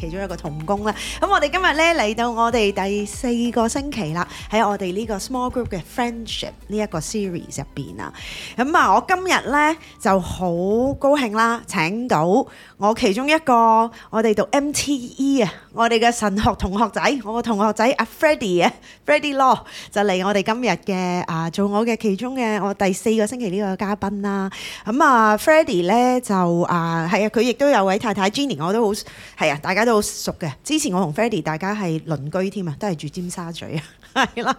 其中一個同工啦，咁、嗯、我哋今日咧嚟到我哋第四個星期啦，喺我哋呢個 small group 嘅 friendship 呢一個 series 入邊啊，咁、嗯、啊我今日咧就好高興啦，請到我其中一個我哋讀 MTE 啊，我哋嘅神學同學仔，我個同學仔阿 Freddy 啊 Freddy Law 就嚟我哋今日嘅啊做我嘅其中嘅我第四個星期呢個嘉賓啦，咁、嗯、啊 Freddy 咧就啊係啊佢亦都有位太太 Jenny，我都好係啊大家都。都熟嘅，之前我同 Freddy 大家係鄰居添啊，都係住尖沙咀啊，係 啦。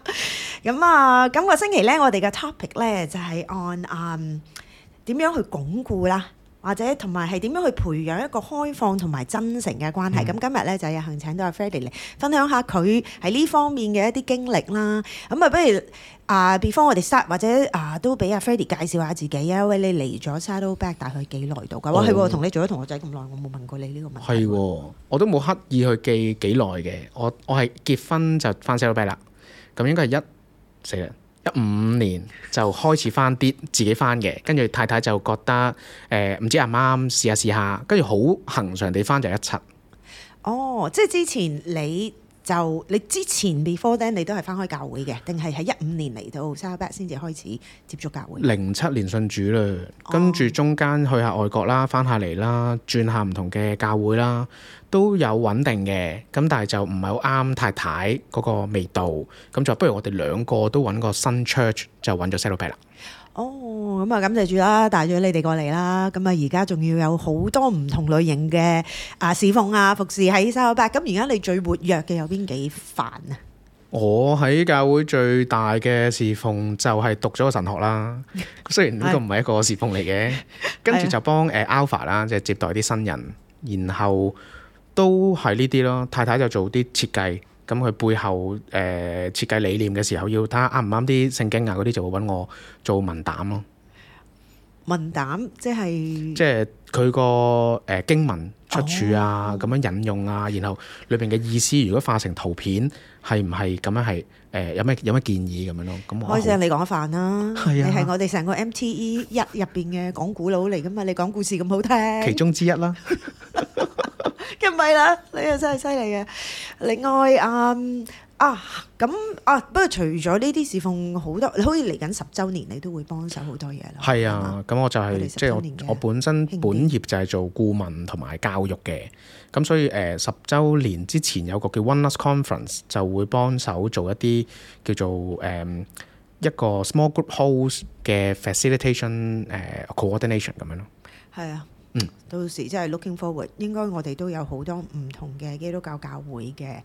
咁、嗯、啊，今、今個星期咧，我哋嘅 topic 咧就係按點樣去鞏固啦。或者同埋係點樣去培養一個開放同埋真誠嘅關係？咁、嗯、今日咧就有幸請到阿 Freddy 嚟分享下佢喺呢方面嘅一啲經歷啦。咁啊，不如啊，別方我哋 Sat 或者啊都俾阿 Freddy 介紹下自己啊。喂、哦，你嚟咗 Saddleback 大概幾耐度㗎？我係同你做咗同學仔咁耐，我冇問過你呢個問題。係喎，我都冇刻意去記幾耐嘅。我我係結婚就翻 Saddleback 啦。咁應該係一成。一五年就開始返啲自己返嘅，跟住太太就覺得誒唔、呃、知啱唔啱，試下試下，跟住好恒常地返就一七。哦，即係之前你。就你之前 before then 你都係翻開教會嘅，定係喺一五年嚟到 Saddleback 先至開始接觸教會。零七年信主啦，跟住中間去下外國啦，翻下嚟啦，轉下唔同嘅教會啦，都有穩定嘅，咁但係就唔係好啱太太嗰個味道，咁就不如我哋兩個都揾個新 church 就揾咗 Saddleback 啦。哦，咁啊，感謝住啦，帶咗你哋過嚟啦。咁啊，而家仲要有好多唔同類型嘅啊侍奉啊，服侍喺三九八。咁而家你最活躍嘅有邊幾瓣啊？我喺教會最大嘅侍奉就係讀咗個神學啦。雖然呢個唔係一個侍奉嚟嘅， 跟住就幫誒 Alpha 啦，即係接待啲新人，然後都係呢啲咯。太太就做啲設計。咁佢背後誒設計理念嘅時候，要睇下啱唔啱啲聖經啊嗰啲，就會揾我做文膽咯。文膽即係即係佢個誒經文出處啊，咁樣引用啊，然後裏邊嘅意思，如果化成圖片，係唔係咁樣係誒？有咩有咩建議咁樣咯？咁開聲你講一番啦，你係我哋成個 MTE 一入邊嘅講古佬嚟噶嘛？你講故事咁好聽，其中之一啦。咁係咪啦？你又真係犀利嘅。另外啊啊咁啊，不過除咗呢啲侍奉好多，你好似嚟緊十週年，你都會幫手好多嘢啦。係啊，咁我就係即係我本身本業就係做顧問同埋教育嘅。咁、嗯、所以誒十週年之前有個叫 Oneus Conference 就會幫手做一啲叫做誒、嗯、一個 small group host 嘅 facilitation、呃、coordination 咁樣咯。係啊。到時即係、就是、looking forward，應該我哋都有好多唔同嘅基督教教會嘅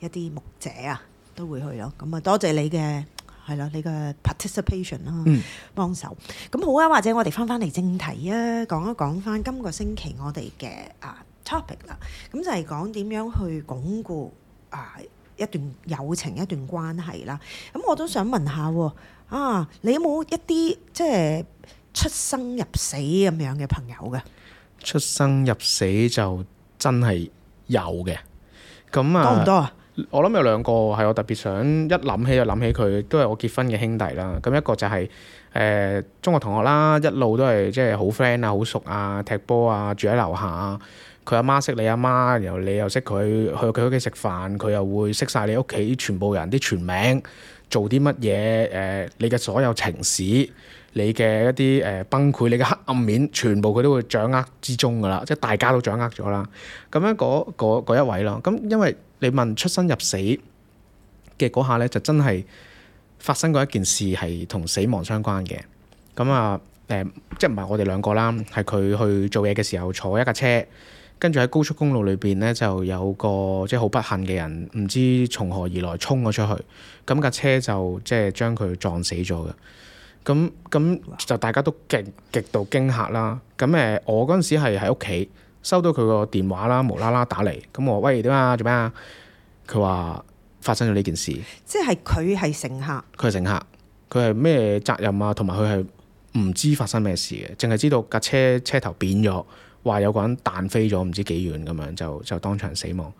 一啲牧者啊，都會去咯。咁啊，多謝你嘅係啦，你嘅 participation 啦、啊，幫手。咁、嗯、好啊，或者我哋翻翻嚟正題啊，講一講翻今個星期我哋嘅啊 topic 啦。咁就係講點樣去鞏固啊一段友情、一段關係啦。咁、啊、我都想問下喎、啊，啊，你有冇一啲即係出生入死咁樣嘅朋友嘅？出生入死就真係有嘅，咁啊多唔多啊？我諗有兩個係我特別想一諗起就諗起佢，都係我結婚嘅兄弟啦。咁一個就係誒中學同學啦，一路都係即係好 friend 啊、好熟啊、踢波啊、住喺樓下啊。佢阿媽識你阿媽，然後你又識佢，去佢屋企食飯，佢又會識晒你屋企全部人啲全名，做啲乜嘢誒？你嘅所有情史。你嘅一啲誒崩潰，你嘅黑暗面，全部佢都會掌握之中㗎啦，即係大家都掌握咗啦。咁樣嗰一位咯，咁因為你問出生入死嘅嗰下呢，就真係發生過一件事係同死亡相關嘅。咁啊誒，即係唔係我哋兩個啦，係佢去做嘢嘅時候坐一架車，跟住喺高速公路裏邊呢，就有個即係好不幸嘅人，唔知從何而來衝咗出去，咁架車就即係將佢撞死咗嘅。咁咁就大家都極極度驚嚇啦。咁誒，我嗰陣時係喺屋企，收到佢個電話啦，無啦啦打嚟。咁我，喂，點啊？做咩啊？佢話發生咗呢件事。即係佢係乘客。佢係乘客，佢係咩責任啊？同埋佢係唔知發生咩事嘅，淨係知道架車車頭扁咗，話有個人彈飛咗，唔知幾遠咁樣，就就當場死亡。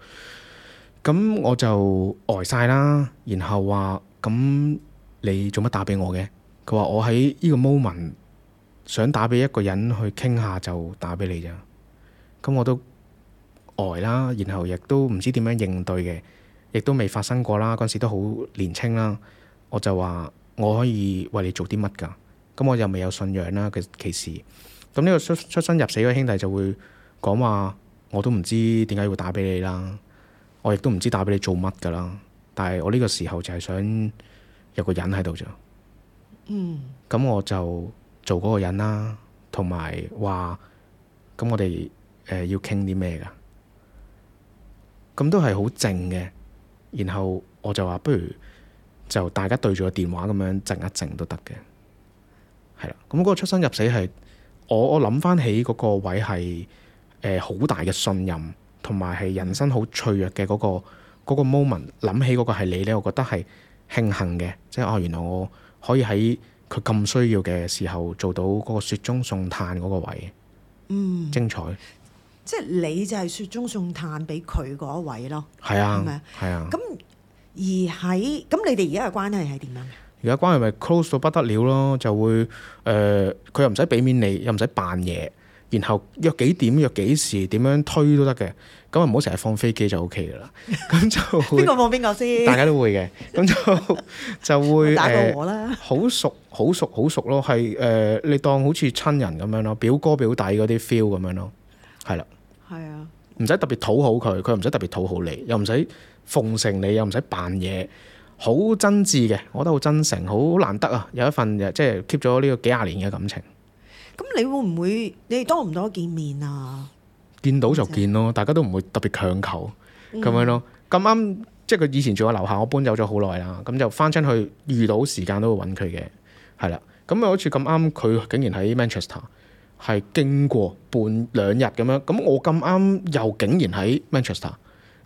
咁我就呆晒啦，然後話：咁你做乜打俾我嘅？佢話：我喺呢個 moment 想打畀一個人去傾下，就打畀你啫。咁我都呆啦，然後亦都唔知點樣應對嘅，亦都未發生過啦。嗰陣時都好年青啦，我就話我可以為你做啲乜㗎。咁我又未有信仰啦嘅歧視。咁呢個出出生入死嘅兄弟就會講話，我都唔知點解會打畀你啦。我亦都唔知打畀你做乜㗎啦。但係我呢個時候就係想有個人喺度咋。嗯，咁我就做嗰個人啦，同埋話咁，我哋、呃、要傾啲咩噶？咁都係好靜嘅。然後我就話，不如就大家對住個電話咁樣靜一靜都得嘅。係啦，咁、嗰、嗰個出生入死係我我諗翻起嗰個位係好、呃、大嘅信任，同埋係人生好脆弱嘅嗰、嗰個 moment。諗、嗰個、起嗰個係你呢，我覺得係慶幸嘅，即係哦，原來我。可以喺佢咁需要嘅時候做到嗰個雪中送炭嗰個位，嗯，精彩。即係你就係雪中送炭俾佢嗰位咯。係啊，係啊。咁而喺咁，你哋而家嘅關係係點樣？而家關係咪 close 到不得了咯，就會誒，佢、呃、又唔使俾面你，又唔使扮嘢。然後約幾點約幾時點樣推都得嘅，咁啊唔好成日放飛機就 OK 啦。咁就邊個 放邊個先？大家都會嘅，咁就 就會誒好、呃、熟好熟好熟咯，係誒、呃、你當好似親人咁樣咯，表哥表弟嗰啲 feel 咁樣咯，係啦，係啊的，唔使特別討好佢，佢唔使特別討好你，又唔使奉承你，又唔使扮嘢，好真摯嘅，我覺得好真誠，好好難得啊，有一份即係 keep 咗呢個幾廿年嘅感情。咁你會唔會你哋多唔多見面啊？見到就見咯，大家都唔會特別強求咁、嗯、樣咯。咁啱即係佢以前住我樓下，我搬走咗好耐啦。咁就翻親去遇到時間都會揾佢嘅，係啦。咁啊好似咁啱佢竟然喺 Manchester 係經過半兩日咁樣，咁我咁啱又竟然喺 Manchester。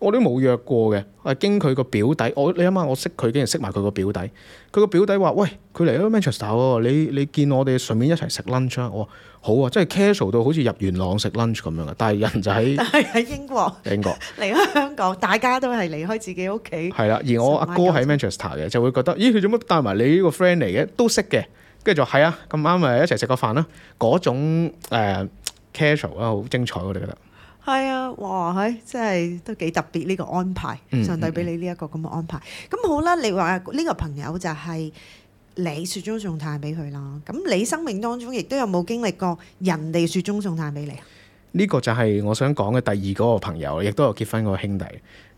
我都冇約過嘅，係經佢個表弟。我你諗下，我識佢，竟然識埋佢個表弟。佢個表弟話：喂，佢嚟咗 Manchester 喎，你你見我哋順便一齊食 lunch 啊？我話好啊，即係 casual 到好似入元朗食 lunch 咁樣嘅。但係人就但係喺英國，英國離開香港，大家都係離開自己屋企。係啦，而我阿哥喺 Manchester 嘅，就會覺得：咦，佢做乜帶埋你呢個 friend 嚟嘅？都識嘅，跟住就係啊，咁啱咪一齊食個飯啦。嗰種 casual 啊，好、呃、精彩，我哋覺得。係啊，哇！係真係都幾特別呢個安排，上帝俾你呢一個咁嘅安排。咁好啦，你話呢個朋友就係你雪中送炭俾佢啦。咁你生命當中亦都有冇經歷過人哋雪中送炭俾你？呢個就係我想講嘅第二個朋友，亦都有結婚嗰個兄弟。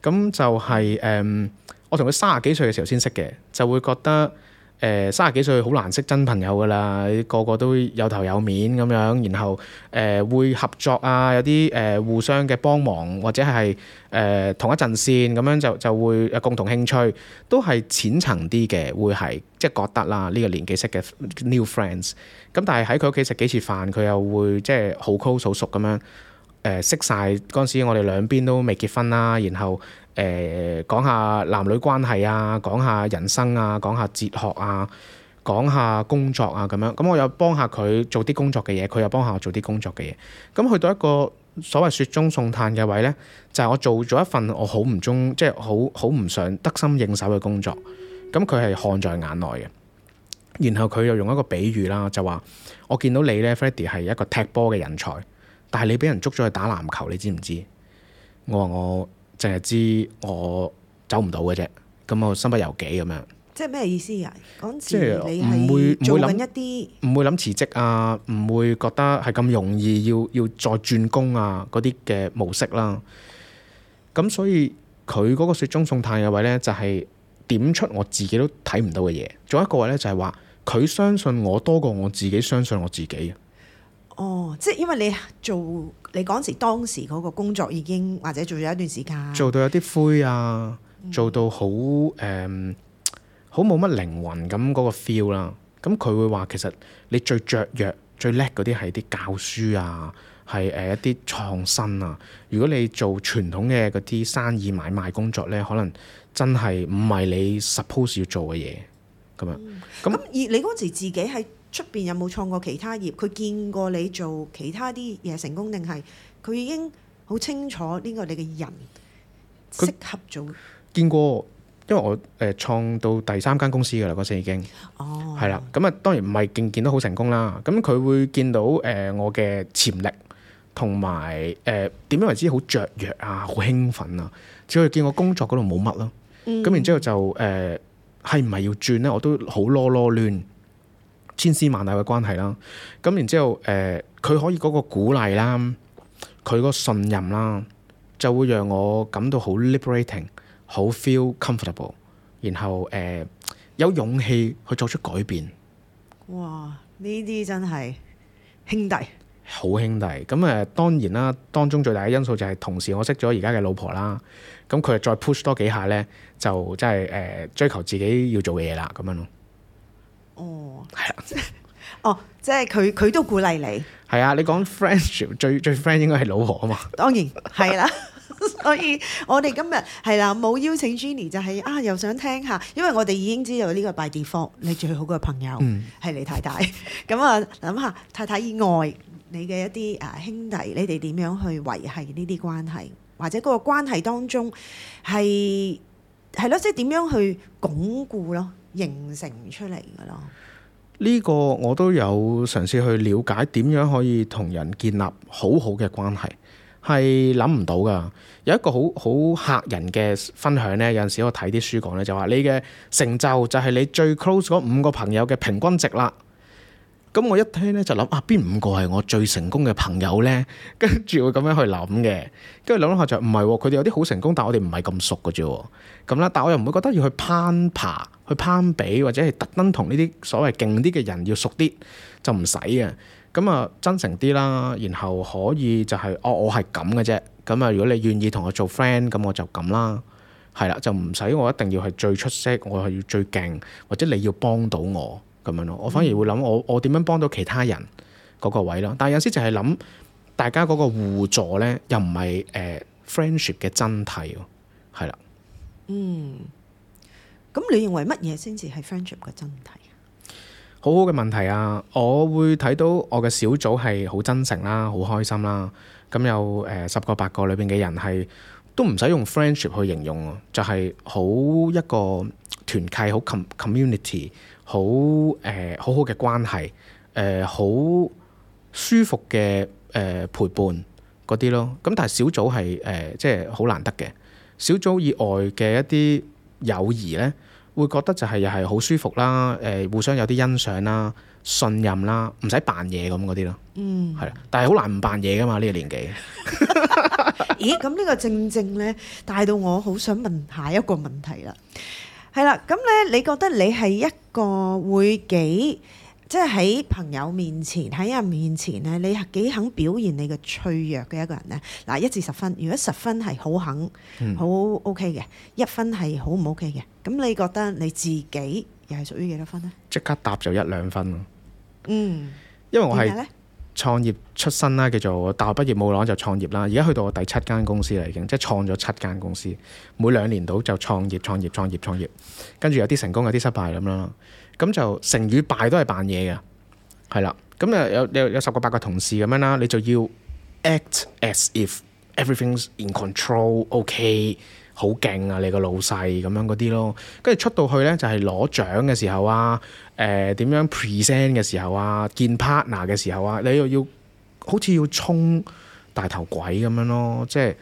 咁就係誒，我同佢三十幾歲嘅時候先識嘅，就會覺得。誒三十幾歲好難識真朋友㗎啦，個個都有頭有面咁樣，然後誒、呃、會合作啊，有啲誒、呃、互相嘅幫忙或者係誒、呃、同一陣線咁樣就就會有共同興趣，都係淺層啲嘅，會係即係覺得啦呢，這個年紀識嘅 new friends，咁但係喺佢屋企食幾次飯，佢又會即係好 close 好熟咁樣誒識晒。嗰陣時，我哋兩邊都未結婚啦，然後。誒講、呃、下男女關係啊，講下人生啊，講下哲學啊，講下工作啊咁樣。咁我又幫下佢做啲工作嘅嘢，佢又幫下我做啲工作嘅嘢。咁去到一個所謂雪中送炭嘅位呢，就係、是、我做咗一份我好唔中，即係好好唔想得心應手嘅工作。咁佢係看在眼內嘅。然後佢又用一個比喻啦，就、呃、話我見到你呢 Freddy 係一個踢波嘅人才，但係你俾人捉咗去打籃球，你知唔知？我話我。淨係知我走唔到嘅啫，咁我身不由己咁樣。即係咩意思啊？即係你係做緊一啲，唔會諗辭職啊，唔會覺得係咁容易要要再轉工啊嗰啲嘅模式啦、啊。咁所以佢嗰個雪中送炭嘅位呢，就係、是、點出我自己都睇唔到嘅嘢。仲有一個位呢，就係話佢相信我多過我自己相信我自己。哦，即係因為你做你嗰陣時當時嗰個工作已經或者做咗一段時間，做到有啲灰啊，嗯、做到好誒好冇乜靈魂咁嗰個 feel 啦、啊。咁佢會話其實你最雀躍、最叻嗰啲係啲教書啊，係誒一啲創新啊。如果你做傳統嘅嗰啲生意買賣工作呢，可能真係唔係你 suppose 要做嘅嘢咁樣。咁、嗯、那而你嗰陣時自己係。出面有冇創過其他業？佢見過你做其他啲嘢成功定係佢已經好清楚呢個你嘅人適合做？見過，因為我誒、呃、創到第三間公司嘅啦，嗰時已經。哦。係啦。咁啊，當然唔係勁見得好成功啦。咁佢會見到誒、呃、我嘅潛力，同埋誒點樣為之好雀躍啊，好興奮啊。只可以見我工作嗰度冇乜咯。嗯。咁然之後就誒係唔係要轉咧？我都好囉囉攣。千絲萬縷嘅關係啦，咁然之後誒，佢、呃、可以嗰個鼓勵啦，佢個信任啦，就會讓我感到好 liberating，好 feel comfortable，然後誒、呃、有勇氣去作出改變。哇！呢啲真係兄弟，好兄弟。咁、嗯、誒當然啦，當中最大嘅因素就係同時我識咗而家嘅老婆啦，咁、嗯、佢再 push 多幾下呢，就真係誒追求自己要做嘅嘢啦，咁樣咯。哦，係啊，哦，即係佢佢都鼓勵你，係啊，你講 friendship 最最 friend 應該係老婆啊嘛，當然係啦，啊、 所以我哋今日係啦冇邀請 Jenny 就係啊又想聽下，因為我哋已經知道呢個 by default 你最好嘅朋友係你太太，咁啊諗下太太以外你嘅一啲誒兄弟，你哋點樣去維繫呢啲關係，或者嗰個關係當中係係咯，即係點樣去鞏固咯。形成出嚟㗎咯，呢個我都有嘗試去了解點樣可以同人建立好好嘅關係，係諗唔到㗎。有一個好好嚇人嘅分享呢，有陣時我睇啲書講呢，就話你嘅成就就係你最 close 嗰五個朋友嘅平均值啦。咁我一聽咧就諗啊，邊五個係我最成功嘅朋友呢？跟 住會咁樣去諗嘅，跟住諗下就唔係喎，佢哋、哦、有啲好成功，但係我哋唔係咁熟嘅啫喎。咁、嗯、啦，但我又唔會覺得要去攀爬、去攀比，或者係特登同呢啲所謂勁啲嘅人要熟啲，就唔使嘅。咁、嗯、啊，真誠啲啦，然後可以就係、是、哦，我係咁嘅啫。咁、嗯、啊，如果你願意同我做 friend，咁我就咁啦。係啦，就唔使我一定要係最出色，我係要最勁，或者你要幫到我。咁樣咯，嗯、我反而會諗我我點樣幫到其他人嗰個位咯。但係有時就係諗大家嗰個互助呢，又唔係誒、呃、friendship 嘅真諦喎。係啦，嗯，咁你認為乜嘢先至係 friendship 嘅真諦？好好嘅問題啊！我會睇到我嘅小組係好真誠啦，好開心啦。咁有誒十個八個裏邊嘅人係都唔使用，用 friendship 去形容，就係、是、好一個團契，好 community。好誒，好好嘅關係，誒好舒服嘅誒陪伴嗰啲咯。咁但係小組係誒，即係好難得嘅。小組以外嘅一啲友誼呢，會覺得就係又係好舒服啦，誒互相有啲欣賞啦、信任啦，唔使扮嘢咁嗰啲咯。嗯，係啦，但係好難唔扮嘢㗎嘛，呢個年紀。咦？咁呢個正正呢，帶到我好想問下一個問題啦。係啦，咁咧，你覺得你係一個會幾即係喺朋友面前、喺人面前咧，你係幾肯表現你嘅脆弱嘅一個人咧？嗱，一至十分，如果十分係好肯、好、嗯、OK 嘅，一分係好唔 OK 嘅，咁你覺得你自己又係屬於幾多分呢？即刻答就一兩分咯。嗯，因為我係。創業出身啦，叫做大學畢業冇耐就創業啦。而家去到我第七間公司嚟已經，即係創咗七間公司。每兩年度就創業、創業、創業、創業，跟住有啲成功，有啲失敗咁樣。咁就成與敗都係扮嘢嘅，係啦。咁誒有有有十個八個同事咁樣啦。你就要 act as if everything's in control, okay. 好勁啊！你個老細咁樣嗰啲咯，跟住出到去呢，就係、是、攞獎嘅時候啊，誒、呃、點樣 present 嘅時候啊，見 partner 嘅時候啊，你又要，要好似要衝大頭鬼咁樣咯，即係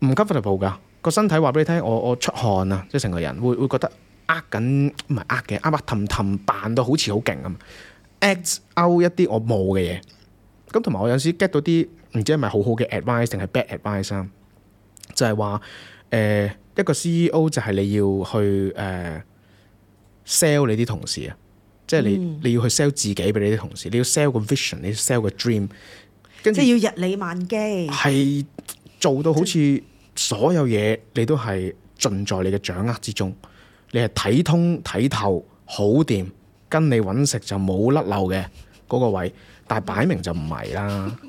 唔 comfortable 噶，個身體話俾你聽，我我出汗啊，即係成個人會會覺得呃緊唔係呃嘅，阿伯氹氹扮到好似好勁咁，ex o 一啲我冇嘅嘢咁，同埋我有時 get 到啲唔知係咪好好嘅 advice 定係 bad advice 啊，就係話。誒一個 CEO 就係你要去誒、uh, sell 你啲同事啊，即係你、嗯、你要去 sell 自己俾你啲同事，你要 sell 個 vision，你要 sell 個 dream，即係要日理萬機，係做到好似所有嘢你都係盡在你嘅掌握之中，你係睇通睇透好掂，跟你揾食就冇甩漏嘅嗰個位，但係擺明就唔係啦。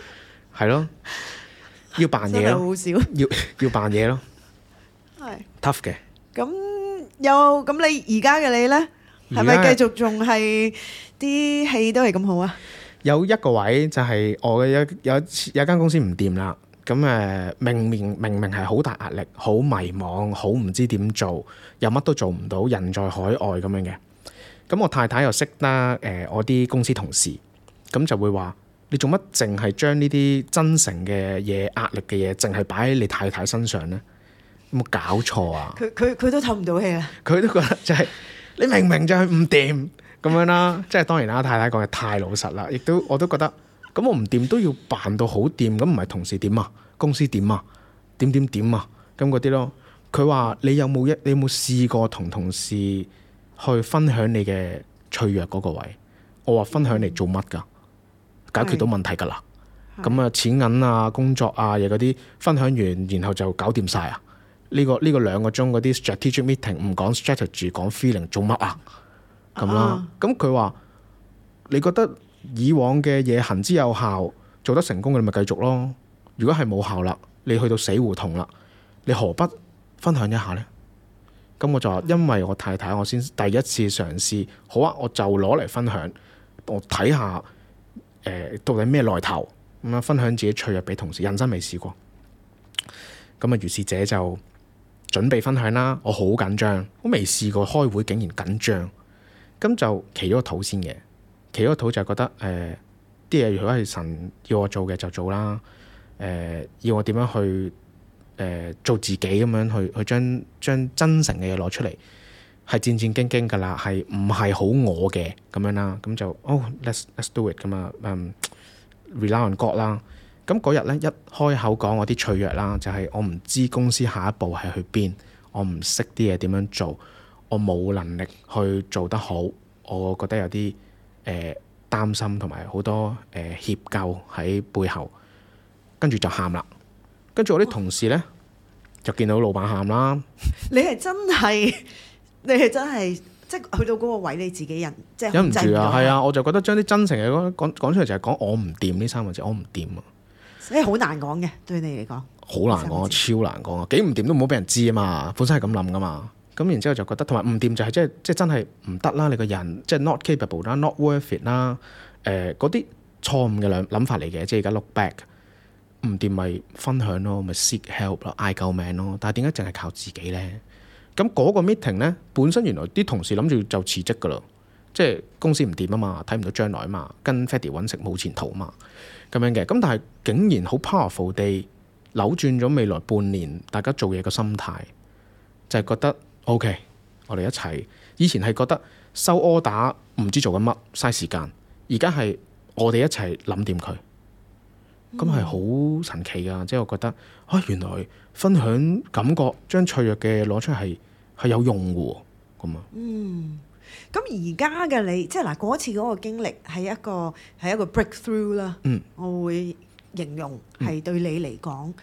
係咯，要扮嘢咯，要要扮嘢咯，係 tough 嘅。咁又咁，你而家嘅你咧，係咪繼續仲係啲戲都係咁好啊？有一個位就係我嘅有有有間公司唔掂啦。咁誒，明明明明係好大壓力，好迷茫，好唔知點做，又乜都做唔到，人在海外咁樣嘅。咁我太太又識得誒，我啲公司同事，咁就會話。你做乜淨係將呢啲真誠嘅嘢、壓力嘅嘢，淨係擺喺你太太身上呢？有冇搞錯啊？佢佢都透唔到氣啊。佢 都覺得就係、是、你明 明就係唔掂咁樣啦，即係當然啦。太太講嘅太老實啦，亦都我都覺得，咁我唔掂都要扮到好掂，咁唔係同事點啊？公司點啊？點點點啊？咁嗰啲咯。佢話你有冇一你有冇試過同同事去分享你嘅脆弱嗰個位？我話分享嚟做乜㗎？嗯解決到問題㗎啦。咁啊的，錢銀啊，工作啊，嘢嗰啲分享完，然後就搞掂晒啊。呢個呢個兩個鐘嗰啲 strategic meeting 唔講 strategy，講 feeling 做乜啊？咁啦，咁佢話：你覺得以往嘅嘢行之有效，做得成功嘅，你咪繼續咯。如果係冇效啦，你去到死胡同啦，你何不分享一下呢？嗯」咁我就話因為我太太，我先第一次嘗試。好啊，我就攞嚟分享。我睇下。到底咩來頭？咁啊，分享自己脆弱俾同事，人生未試過。咁啊，如是者就準備分享啦。我好緊張，我未試過開會竟然緊張。咁就企咗個肚先嘅，企咗個肚就覺得誒啲嘢如果係神要我做嘅就做啦。誒、呃、要我點樣去誒、呃、做自己咁樣去去將將真誠嘅嘢攞出嚟。係戰戰兢兢㗎啦，係唔係好我嘅咁樣啦？咁就哦、oh,，let's let's do it 咁啊，嗯、um,，rely on God 啦。咁嗰日呢，一開口講我啲脆弱啦，就係、是、我唔知公司下一步係去邊，我唔識啲嘢點樣做，我冇能力去做得好，我覺得有啲誒、呃、擔心同埋好多誒歉疚喺背後，跟住就喊啦。跟住我啲同事呢，哇就見到老闆喊啦。你係真係～你係真係即係去到嗰個位，你自己人，即係忍唔住啊！係啊，我就覺得將啲真誠嘅講講出嚟，就係講我唔掂呢三個字，我唔掂啊！誒，你好難講嘅對你嚟講，好難講，超難講啊！幾唔掂都唔好俾人知啊嘛，本身係咁諗噶嘛。咁然之後就覺得同埋唔掂就係、是、即係即係真係唔得啦。你個人即係 not capable 啦，not worth it 啦。誒、呃，嗰啲錯誤嘅兩諗法嚟嘅，即係而家 look back。唔掂咪分享咯，咪 seek help 咯，嗌救命咯。但係點解淨係靠自己咧？咁嗰個 meeting 呢，本身原來啲同事諗住就辭職噶啦，即係公司唔掂啊嘛，睇唔到將來啊嘛，跟 Freddy 揾食冇前途嘛，咁樣嘅。咁但係竟然好 powerful 地扭轉咗未來半年大家做嘢個心態，就係、是、覺得 OK，我哋一齊。以前係覺得收 order 唔知做緊乜，嘥時間。而家係我哋一齊諗掂佢，咁係好神奇噶。即係、嗯、我覺得，啊原來。分享感覺，將脆弱嘅攞出嚟係係有用嘅喎、哦，咁啊。嗯，咁而家嘅你，即係嗱，嗰次嗰個經歷係一個係一個 breakthrough 啦。嗯，我會形容係對你嚟講，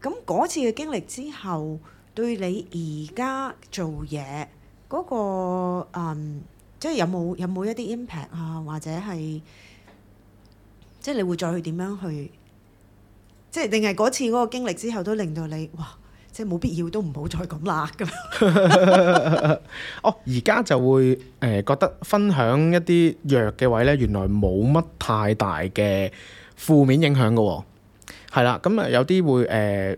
咁嗰、嗯、次嘅經歷之後，對你而家做嘢嗰個嗯，即係有冇有冇一啲 impact 啊，或者係即係你會再去點樣去？即係定係嗰次嗰個經歷之後，都令到你哇！即係冇必要都唔好再咁辣咁。 哦，而家就會誒覺得分享一啲弱嘅位呢，原來冇乜太大嘅負面影響㗎喎、哦。係啦，咁啊有啲會誒、呃、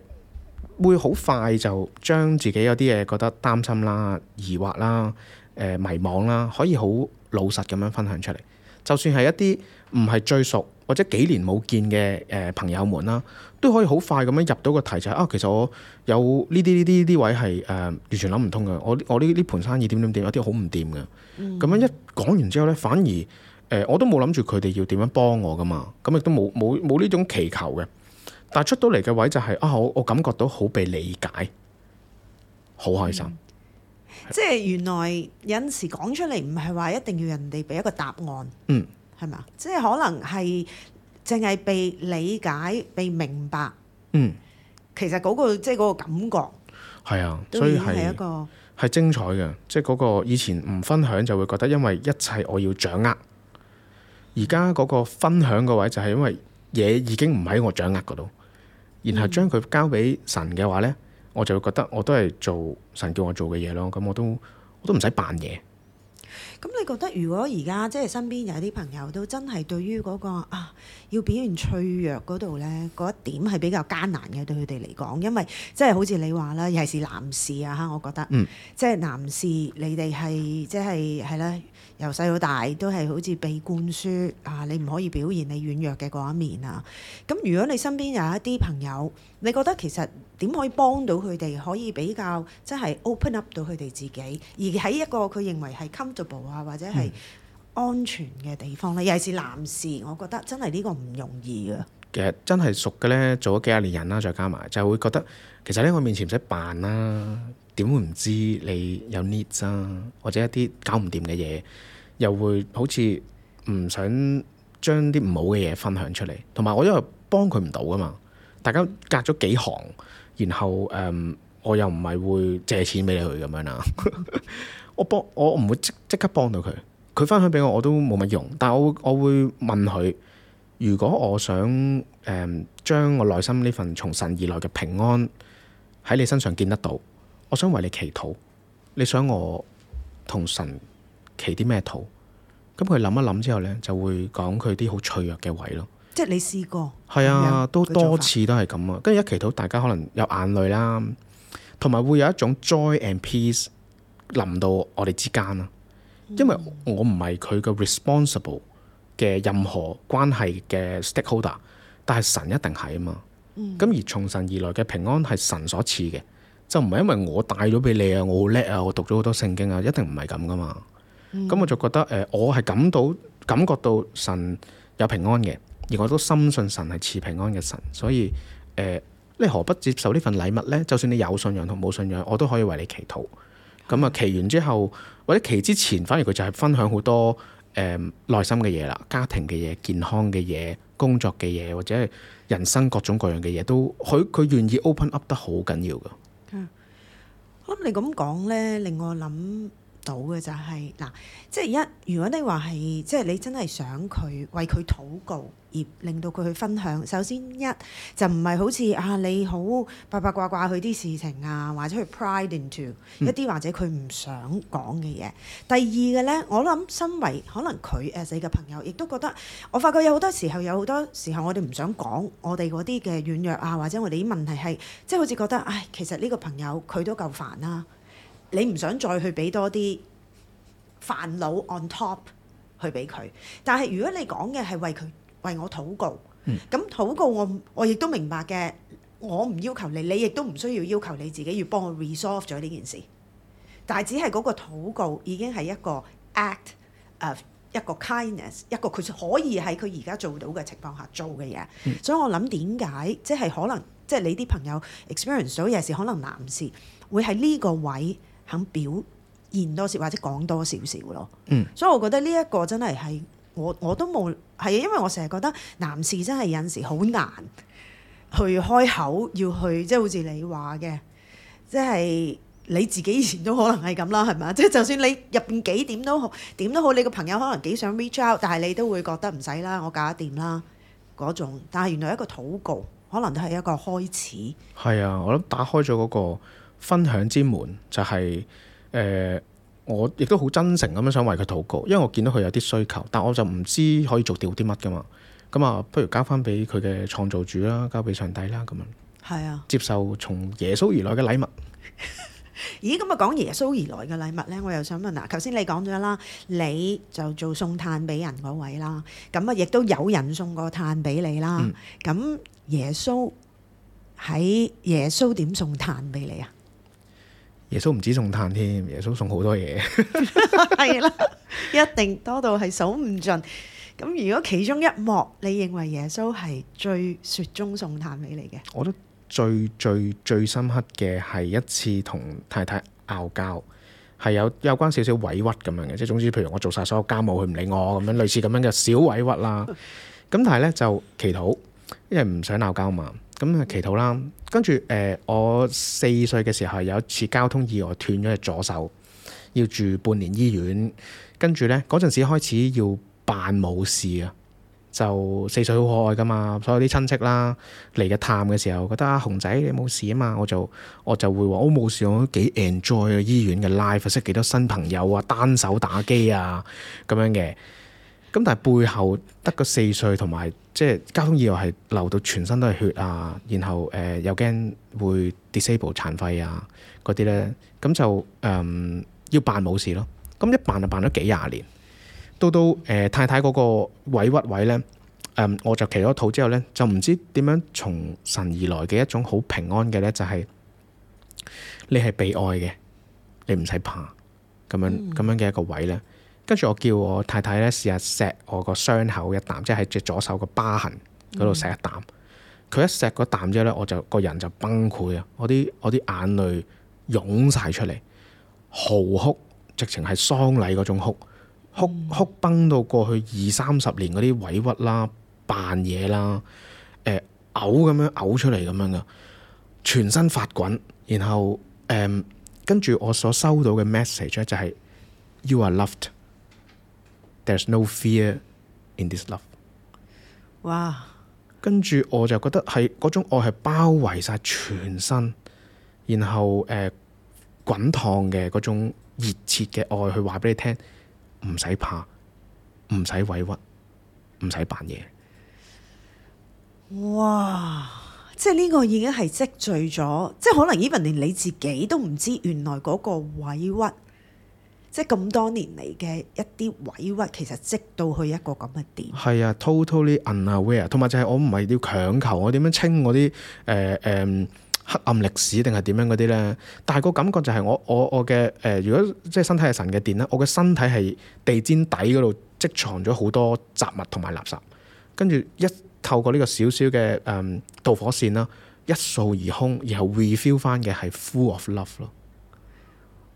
會好快就將自己有啲嘢覺得擔心啦、疑惑啦、誒、呃、迷惘啦，可以好老實咁樣分享出嚟。就算係一啲唔係最熟或者幾年冇見嘅誒、呃、朋友們啦。都可以好快咁樣入到個題就係啊，其實我有呢啲呢啲呢位係誒、呃、完全諗唔通嘅，我我呢呢盤生意點點點有啲好唔掂嘅。咁、嗯、樣一講完之後呢，反而誒、呃、我都冇諗住佢哋要點樣幫我㗎嘛，咁亦都冇冇冇呢種祈求嘅。但係出到嚟嘅位就係、是、啊，我我感覺到好被理解，好開心。嗯、是即係原來有陣時講出嚟唔係話一定要人哋俾一個答案，嗯，係咪啊？即係可能係。淨係被理解、被明白。嗯，其實嗰、嗰個即係嗰個感覺。係啊，所以係一個精彩嘅，即係嗰個以前唔分享就會覺得，因為一切我要掌握。而家嗰個分享個位就係因為嘢已經唔喺我掌握嗰度，然後將佢交俾神嘅話呢，嗯、我就會覺得我都係做神叫我做嘅嘢咯。咁我都我都唔使扮嘢。咁你覺得如果而家即係身邊有啲朋友都真係對於嗰個啊要表現脆弱嗰度咧，嗰一點係比較艱難嘅對佢哋嚟講，因為即係好似你話啦，尤其是男士啊嚇，我覺得，嗯，即係男士你哋係即係係啦，由細到大都係好似被灌輸啊，你唔可以表現你軟弱嘅嗰一面啊。咁如果你身邊有一啲朋友，你覺得其實？點可以幫到佢哋？可以比較即係 open up 到佢哋自己，而喺一個佢認為係 comfortable 啊，或者係安全嘅地方咧，尤其是男士，我覺得真係呢個唔容易嘅。其實真係熟嘅咧，做咗幾廿年人啦，再加埋就係會覺得其實咧，我面前唔使扮啦，點會唔知你有 needs 啊，或者一啲搞唔掂嘅嘢，又會好似唔想將啲唔好嘅嘢分享出嚟。同埋我因為幫佢唔到噶嘛，大家隔咗幾行。然後誒、嗯，我又唔係會借錢俾佢咁樣啦。 我幫我唔會即即刻幫到佢。佢分享俾我，我都冇乜用。但我會我會問佢，如果我想誒將、嗯、我內心呢份從神而來嘅平安喺你身上見得到，我想為你祈禱。你想我同神祈啲咩禱？咁佢諗一諗之後呢，就會講佢啲好脆弱嘅位咯。即係你試過係啊，樣都多次都係咁啊。跟住 一祈禱，大家可能有眼淚啦，同埋會有一種 joy and peace 臨到我哋之間啊。因為我唔係佢嘅 responsible 嘅任何關係嘅 stakeholder，但係神一定係啊嘛。咁而從神而來嘅平安係神所賜嘅，就唔係因為我帶咗俾你啊，我好叻啊，我讀咗好多聖經啊，一定唔係咁噶嘛。咁 我就覺得誒、呃，我係感到感覺到神有平安嘅。而我都深信神係賜平安嘅神，所以誒、呃，你何不接受呢份禮物呢？就算你有信仰同冇信仰，我都可以為你祈禱。咁啊、嗯，祈完之後或者祈之前，反而佢就係分享好多誒內、呃、心嘅嘢啦，家庭嘅嘢、健康嘅嘢、工作嘅嘢，或者係人生各種各樣嘅嘢，都佢佢願意 open up 得好緊要㗎。嗯，我諗你咁講呢，令我諗到嘅就係嗱，即係一，如果你話係即係你真係想佢為佢禱告而令到佢去分享，首先一就唔係好似啊你好八八卦卦佢啲事情啊，或者佢 pride into 一啲或者佢唔想講嘅嘢。嗯、第二嘅呢，我諗身為可能佢誒死嘅朋友，亦都覺得我發覺有好多時候有好多時候我哋唔想講我哋嗰啲嘅軟弱啊，或者我哋啲問題係即係好似覺得唉、哎，其實呢個朋友佢都夠煩啦、啊。你唔想再去俾多啲煩惱 on top 去俾佢，但係如果你講嘅係為佢為我禱告，咁禱、嗯、告我我亦都明白嘅，我唔要求你，你亦都唔需要要求你自己要幫我 resolve 咗呢件事，但係只係嗰個禱告已經係一個 act of 一個 kindness 一個佢可以喺佢而家做到嘅情況下做嘅嘢，嗯、所以我諗點解即係可能即係、就是、你啲朋友 experience 到有時，可能男士會喺呢個位。肯表現多少或者講多少少咯，嗯，所以我覺得呢一個真係係我我都冇，係啊，因為我成日覺得男士真係有陣時好難去開口，要去即係好似你話嘅，即係你自己以前都可能係咁啦，係咪啊？即係就算你入邊幾點都好，點都好，你個朋友可能幾想 reach out，但係你都會覺得唔使啦，我搞得掂啦嗰種。但係原來一個禱告可能都係一個開始。係啊，我諗打開咗嗰個。分享之門就係、是、誒、呃，我亦都好真誠咁樣想為佢禱告，因為我見到佢有啲需求，但我就唔知可以做掉啲乜噶嘛。咁啊，不如交翻俾佢嘅創造主啦，交俾上帝啦，咁樣。係啊。接受從耶穌而來嘅禮物。 咦？咁啊，講耶穌而來嘅禮物咧，我又想問嗱，頭先你講咗啦，你就做送炭俾人嗰位啦，咁啊，亦都有人送過炭俾你啦。嗯。咁耶穌喺耶穌點送炭俾你啊？耶穌唔止送炭添，耶穌送好多嘢，係 啦， 一定多到係數唔盡。咁如果其中一幕，你認為耶穌係最雪中送炭俾你嘅？我覺得最最最深刻嘅係一次同太太拗交，係有有關少少委屈咁樣嘅，即係總之譬如我做晒所有家務，佢唔理我咁樣，類似咁樣嘅小委屈啦。咁但係呢，就祈禱，因為唔想鬧交嘛。咁祈禱啦，跟住誒、呃，我四歲嘅時候有一次交通意外斷咗隻左手，要住半年醫院。跟住咧，嗰陣時開始要扮冇事啊，就四歲好可愛噶嘛，所有啲親戚啦嚟嘅探嘅時候，覺得啊，紅仔你冇事啊嘛，我就我就會話我冇事，我幾 enjoy 醫院嘅 life，識幾多新朋友啊，單手打機啊咁樣嘅。咁但係背後得個四歲同埋，即係交通意外係流到全身都係血啊，然後誒、呃、又驚會 disable 殘廢啊嗰啲咧，咁就誒、呃、要扮冇事咯。咁一扮就扮咗幾廿年，到到誒、呃、太太嗰個委屈位咧，誒、呃、我就企咗肚之後咧，就唔知點樣從神而來嘅一種好平安嘅咧，就係、是、你係被愛嘅，你唔使怕，咁樣咁樣嘅一個位咧。嗯跟住我叫我太太咧，試下錫我個傷口一啖，即係隻左手個疤痕嗰度錫一啖。佢、嗯、一錫個啖之後咧，我就個人就崩潰啊！我啲我啲眼淚湧晒出嚟，嚎哭，直情係喪禮嗰種哭，嗯、哭哭崩到過去二三十年嗰啲委屈啦、扮嘢啦，誒嘔咁樣嘔出嚟咁樣噶，全身發滾。然後誒跟住我所收到嘅 message 就係、是、You are loved。There's no fear in this love。哇！跟住我就覺得係嗰種愛係包圍晒全身，然後誒、呃、滾燙嘅嗰種熱切嘅愛去話俾你聽，唔使怕，唔使委屈，唔使扮嘢。哇！即係呢個已經係積聚咗，即係可能 even 連你自己都唔知原來嗰個委屈。即係咁多年嚟嘅一啲委屈，其實積到去一個咁嘅點。係啊，totally unaware。同埋就係我唔係要強求我點樣清我啲誒誒黑暗歷史定係點樣嗰啲咧。但係個感覺就係我我我嘅誒、呃，如果即係身體係神嘅殿啦，我嘅身體係地氈底嗰度積藏咗好多雜物同埋垃圾，跟住一透過呢個小小嘅誒、呃、導火線啦，一掃而空，然後 refill 翻嘅係 full of love 咯。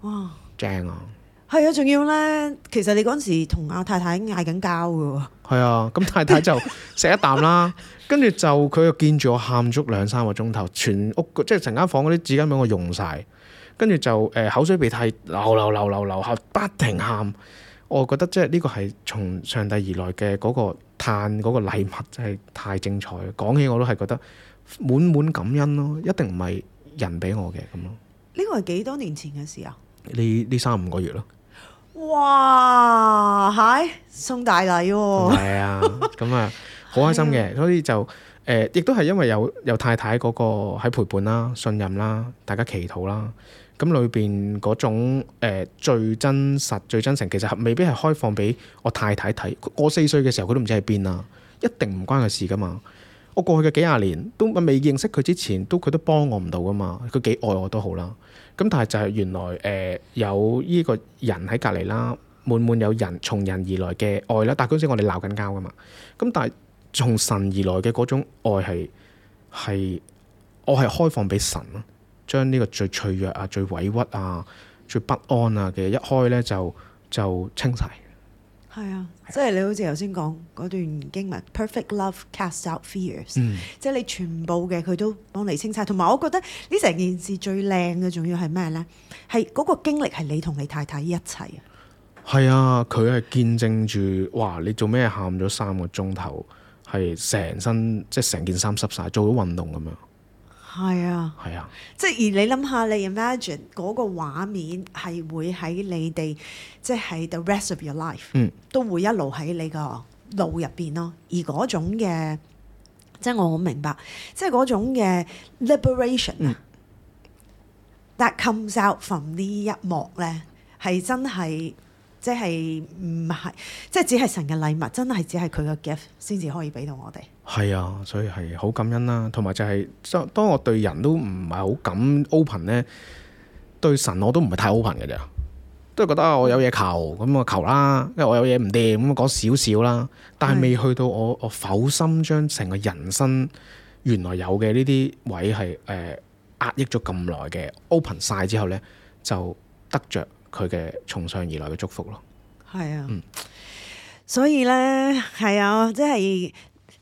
哇！正啊！係啊，仲要呢。其實你嗰陣時同阿太太嗌緊交嘅喎。係啊，咁太太就食一啖啦，跟住 就佢又見住我喊足兩三個鐘頭，全屋即係成間房嗰啲紙巾俾我用晒。跟住就誒口水鼻涕流流流流流下不停喊。我覺得即係呢個係從上帝而來嘅嗰個嘆嗰個禮物，真係太精彩。講起我都係覺得滿滿感恩咯，一定唔係人俾我嘅咁咯。呢個係幾多年前嘅事啊？呢，呢三五個月咯。哇！嗨，送大禮喎！係啊，咁 啊，好開心嘅，所以就誒，亦、呃、都係因為有有太太嗰個喺陪伴啦、信任啦、大家祈禱啦，咁裏邊嗰種、呃、最真實、最真誠，其實未必係開放俾我太太睇。我四歲嘅時候，佢都唔知喺邊啊，一定唔關佢事㗎嘛。我過去嘅幾廿年都未認識佢之前，都佢都幫我唔到㗎嘛。佢幾愛我都好啦。咁但係就係原來誒、呃、有呢個人喺隔離啦，滿滿有人從人而來嘅愛啦，但係嗰陣時我哋鬧緊交噶嘛。咁但係從神而來嘅嗰種愛係係我係開放俾神咯，將呢個最脆弱啊、最委屈啊、最不安啊嘅一開咧就就清晒。係啊，啊即係你好似頭先講嗰段經文，Perfect love cast out fears。嗯、即係你全部嘅佢都幫你清晒。同埋我覺得呢成件事最靚嘅，仲要係咩呢？係嗰、嗰個經歷係你同你太太一齊啊。係啊，佢係見證住哇！你做咩喊咗三個鐘頭？係成身即係成件衫濕晒，做咗運動咁樣。係啊，係啊，即係而你諗下，你 imagine 嗰個畫面係會喺你哋，即係 the rest of your life，、嗯、都會一路喺你個腦入邊咯。而嗰種嘅，即係我明白，即係嗰種嘅 liberation 啊，that comes、嗯、out from 呢一幕呢，係真係、就是，即係唔係，即係只係神嘅禮物，真係只係佢嘅 gift 先至可以俾到我哋。係啊，所以係好感恩啦、啊。同埋就係，當我對人都唔係好敢 open 呢，對神我都唔係太 open 嘅咋，都係覺得我有嘢求咁、嗯、我求啦，因為我有嘢唔掂咁我講少少啦。但係未去到我我否心將成個人生原來有嘅呢啲位係誒壓抑咗咁耐嘅 open 晒之後呢，就得着佢嘅從上而來嘅祝福咯。係啊，嗯、所以呢，係啊，即係。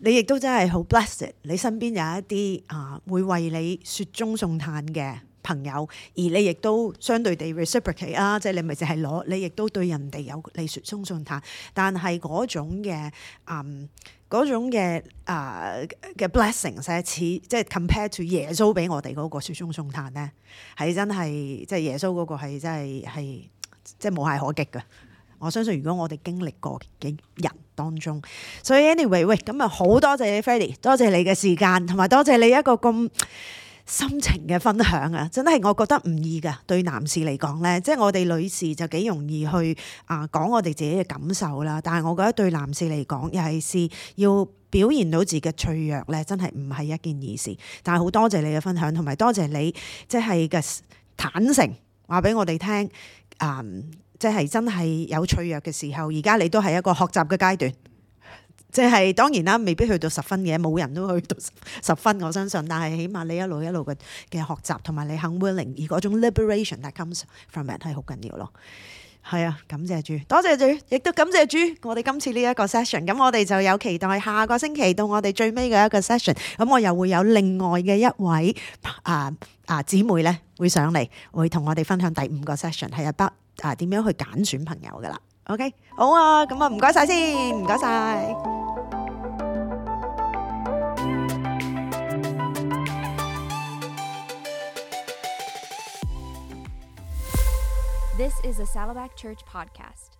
你亦都真係好 blessed，你身邊有一啲啊、呃、會為你雪中送炭嘅朋友，而你亦都相對地 reciprocate 啊，即係你咪淨係攞，你亦都對人哋有你雪中送炭，但係嗰種嘅嗯嗰種嘅啊嘅 blessing，似即似即係 compared to 耶穌俾我哋嗰個雪中送炭咧，係真係即係耶穌嗰個係真係係即係無懈可擊嘅。我相信如果我哋經歷過嘅人。當中，所、so、以 anyway 喂，咁啊好多謝你 Freddy，多謝你嘅時間，同埋多謝你一個咁深情嘅分享啊！真係我覺得唔易㗎，對男士嚟講咧，即、就、係、是、我哋女士就幾容易去啊講、呃、我哋自己嘅感受啦。但係我覺得對男士嚟講，尤其係要表現到自己嘅脆弱咧，真係唔係一件易事。但係好多謝你嘅分享，同埋多謝你即係嘅坦誠，話俾我哋聽啊。呃即係真係有脆弱嘅時候，而家你都係一個學習嘅階段，即係當然啦，未必去到十分嘅，冇人都去到十分。我相信，但係起碼你一路一路嘅嘅學習，同埋你肯 willing，而嗰種 liberation that comes from it 係好緊要咯。係啊，感謝主，多謝主，亦都感謝主，我哋今次呢一個 session，咁我哋就有期待下個星期到我哋最尾嘅一個 session，咁我又會有另外嘅一位啊啊姊妹咧會上嚟，會同我哋分享第五個 session。係啊，得。啊，點樣去揀選，選朋友嘅啦？OK，好啊，咁啊，唔該晒先，唔該晒。 This is a